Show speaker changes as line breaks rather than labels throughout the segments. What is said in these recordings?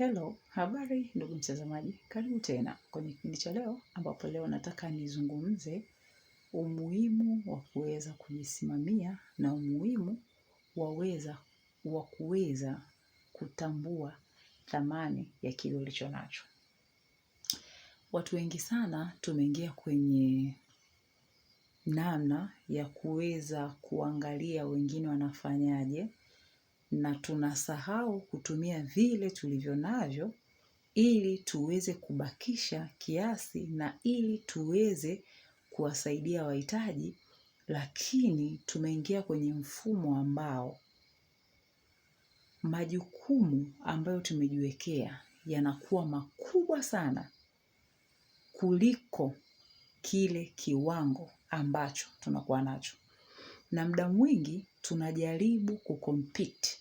Hello, habari ndugu mtazamaji, karibu tena kwenye kipindi cha leo, ambapo leo nataka nizungumze umuhimu wa kuweza kujisimamia na umuhimu waweza wa kuweza kutambua thamani ya kile ulicho nacho. Watu wengi sana tumeingia kwenye namna ya kuweza kuangalia wengine wanafanyaje na tunasahau kutumia vile tulivyo navyo ili tuweze kubakisha kiasi na ili tuweze kuwasaidia wahitaji lakini tumeingia kwenye mfumo ambao majukumu ambayo tumejiwekea yanakuwa makubwa sana kuliko kile kiwango ambacho tunakuwa nacho. Na muda mwingi tunajaribu kukompiti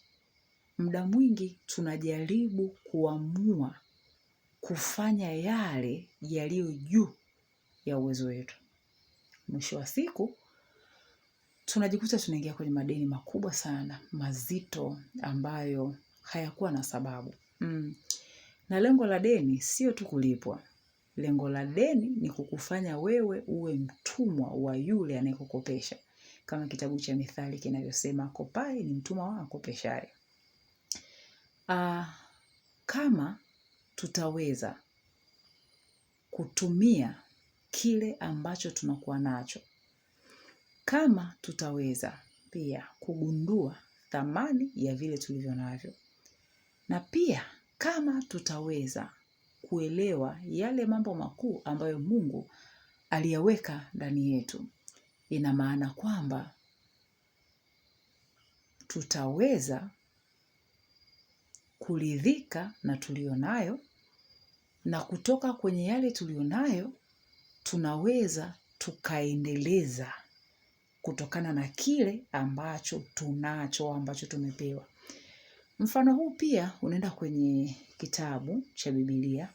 Muda mwingi tunajaribu kuamua kufanya yale yaliyo juu ya uwezo wetu. Mwisho wa siku, tunajikuta tunaingia kwenye madeni makubwa sana, mazito ambayo hayakuwa na sababu. Mm. Na lengo la deni, sio tu kulipwa. Lengo la deni ni kukufanya wewe uwe mtumwa wa yule anayekukopesha. Kama kitabu cha Mithali kinavyosema, kopaye ni mtumwa wa akopeshaye. Ah, kama tutaweza kutumia kile ambacho tunakuwa nacho, kama tutaweza pia kugundua thamani ya vile tulivyo navyo, na pia kama tutaweza kuelewa yale mambo makuu ambayo Mungu aliyaweka ndani yetu, ina maana kwamba tutaweza kuridhika na tulio nayo na kutoka kwenye yale tulio nayo tunaweza tukaendeleza kutokana na kile ambacho tunacho ambacho tumepewa. Mfano huu pia unaenda kwenye kitabu cha Biblia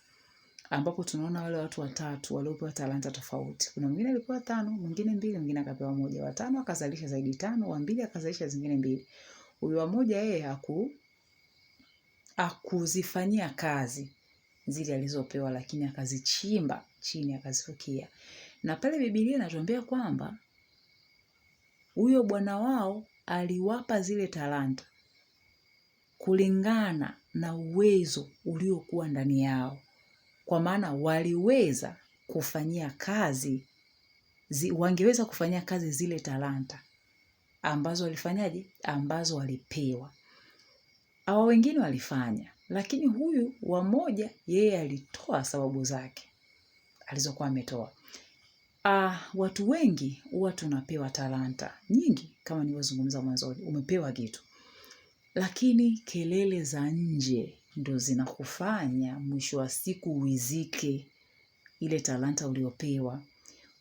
ambapo tunaona wale watu watatu waliopewa talanta tofauti. Kuna mwingine alipewa tano, mwingine mbili, mwingine akapewa moja. Watano akazalisha zaidi tano, wa mbili akazalisha zingine mbili. Huyu wa moja yeye haku akuzifanyia kazi zile alizopewa, lakini akazichimba chini akazifukia. Na pale Biblia inatuambia kwamba huyo bwana wao aliwapa zile talanta kulingana na uwezo uliokuwa ndani yao, kwa maana waliweza kufanyia kazi zi, wangeweza kufanyia kazi zile talanta ambazo walifanyaje, ambazo walipewa. Hawa wengine walifanya, lakini huyu wa moja yeye alitoa sababu zake alizokuwa ametoa. Ah, watu wengi huwa tunapewa talanta nyingi, kama nilivyozungumza mwanzoni, umepewa kitu, lakini kelele za nje ndo zinakufanya mwisho wa siku uizike ile talanta uliopewa.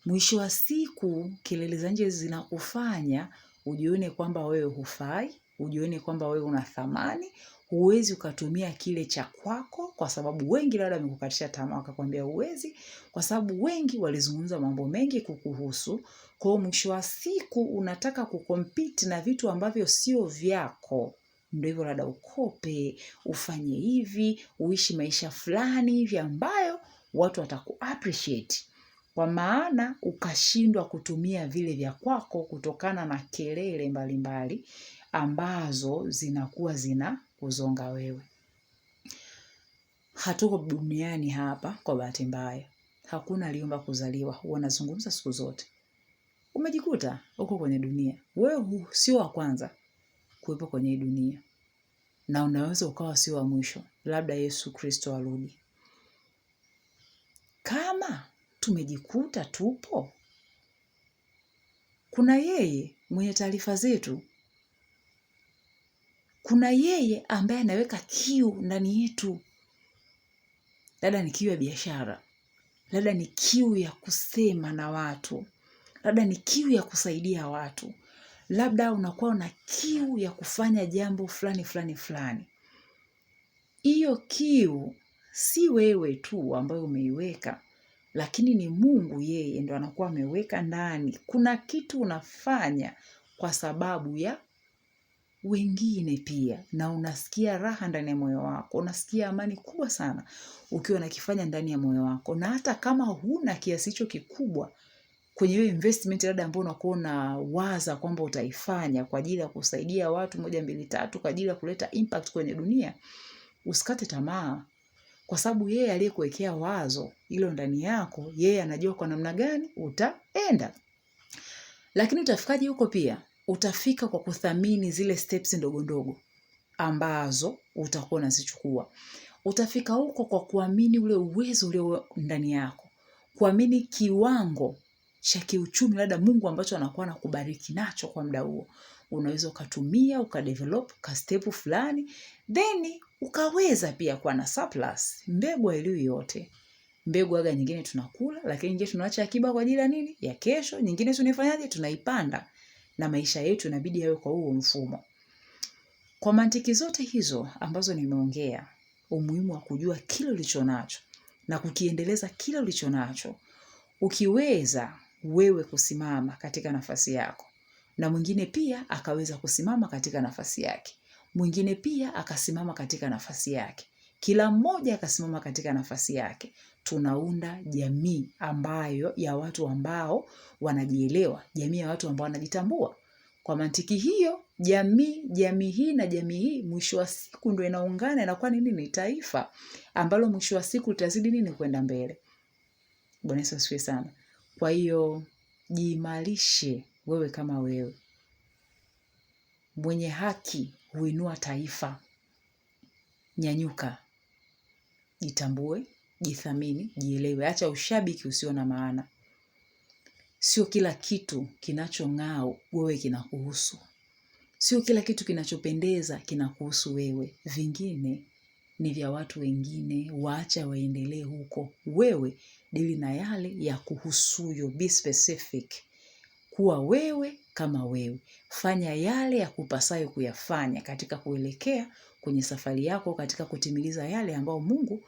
Mwisho wa siku kelele za nje zinakufanya ujione kwamba wewe hufai, ujione kwamba wewe una thamani. Huwezi ukatumia kile cha kwako, kwa sababu wengi labda wamekukatisha tamaa, wakakwambia huwezi, kwa sababu wengi walizungumza mambo mengi kukuhusu. Kwa hiyo mwisho wa siku unataka kukompiti na vitu ambavyo sio vyako. Ndio hivyo, labda ukope, ufanye hivi, uishi maisha fulani hivi ambayo watu wataku appreciate kwa maana ukashindwa kutumia vile vya kwako kutokana na kelele mbalimbali ambazo zinakuwa zina kuzonga wewe. Hatuko duniani hapa kwa bahati mbaya, hakuna aliomba kuzaliwa. Huwa nazungumza siku zote, umejikuta uko kwenye dunia, wewe sio wa kwanza kuwepo kwenye hii dunia, na unaweza ukawa sio wa mwisho. Labda Yesu Kristo arudi. Kama tumejikuta tupo, kuna yeye mwenye taarifa zetu kuna yeye ambaye anaweka kiu ndani yetu, labda ni kiu ya biashara, labda ni kiu ya kusema na watu, labda ni kiu ya kusaidia watu, labda unakuwa una kiu ya kufanya jambo fulani fulani fulani. Hiyo kiu si wewe tu ambayo umeiweka, lakini ni Mungu, yeye ndo anakuwa ameweka ndani. Kuna kitu unafanya kwa sababu ya wengine pia, na unasikia raha ndani ya moyo wako, unasikia amani kubwa sana ukiwa nakifanya ndani ya moyo wako, na hata kama huna kiasi hicho kikubwa kwenye hiyo investment labda ambayo unakuwa unawaza kwamba utaifanya kwa ajili ya kusaidia watu moja mbili tatu, kwa ajili ya kuleta impact kwenye dunia, usikate tamaa, kwa sababu yeye aliyekuwekea wazo hilo ndani yako, yeye anajua kwa namna gani utaenda, lakini utafikaje huko pia utafika kwa kuthamini zile steps ndogo ndogo ambazo utakuwa unazichukua. Utafika huko kwa kuamini ule uwezo ulio ndani yako, kuamini kiwango cha kiuchumi labda Mungu ambacho anakuwa anakubariki nacho kwa muda huo, unaweza ukatumia ukadevelop ka step fulani, then ukaweza pia kuwa na surplus. Mbegu hailiwi yote, mbegu aga nyingine tunakula, lakini je, tunaacha akiba kwa ajili ya nini? Ya kesho. Nyingine tunaifanyaje? Tunaipanda na maisha yetu inabidi yawe kwa huo mfumo. Kwa mantiki zote hizo ambazo nimeongea, umuhimu wa kujua kile ulicho nacho na kukiendeleza kile ulicho nacho, ukiweza wewe kusimama katika nafasi yako na mwingine pia akaweza kusimama katika nafasi yake, mwingine pia akasimama katika nafasi yake, kila mmoja akasimama katika nafasi yake, tunaunda jamii ambayo ya watu ambao wanajielewa, jamii ya watu ambao wanajitambua. Kwa mantiki hiyo, jamii jamii hii na jamii hii mwisho wa siku ndio inaungana, inakuwa ni nini? Taifa ambalo mwisho wa siku litazidi nini? Kwenda mbele. Bwana Yesu asifiwe sana. Kwa hiyo jiimarishe wewe kama wewe mwenye haki huinua taifa. Nyanyuka, jitambue, jithamini, jielewe. Acha ushabiki usio na maana. Sio kila kitu kinachong'aa wewe kinakuhusu. Sio kila kitu kinachopendeza kinakuhusu wewe. Vingine ni vya watu wengine, waacha waendelee huko. Wewe dili na yale ya kuhusuyo. Be specific. Kuwa wewe kama wewe, fanya yale ya kupasayo kuyafanya katika kuelekea kwenye safari yako katika kutimiliza yale ambayo Mungu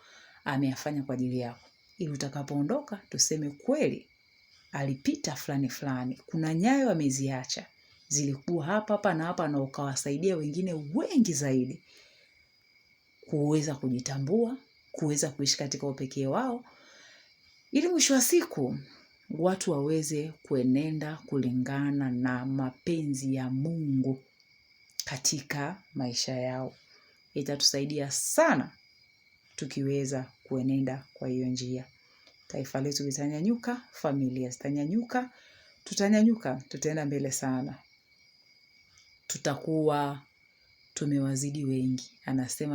ameyafanya kwa ajili yako, ili utakapoondoka tuseme kweli alipita fulani fulani, kuna nyayo ameziacha zilikuwa hapa hapa na hapa, na ukawasaidia wengine wengi zaidi kuweza kujitambua, kuweza kuishi katika upekee wao, ili mwisho wa siku watu waweze kuenenda kulingana na mapenzi ya Mungu katika maisha yao itatusaidia sana tukiweza kuenenda kwa hiyo njia. Taifa letu litanyanyuka, familia zitanyanyuka, tutanyanyuka, tutaenda mbele sana, tutakuwa tumewazidi wengi, anasema.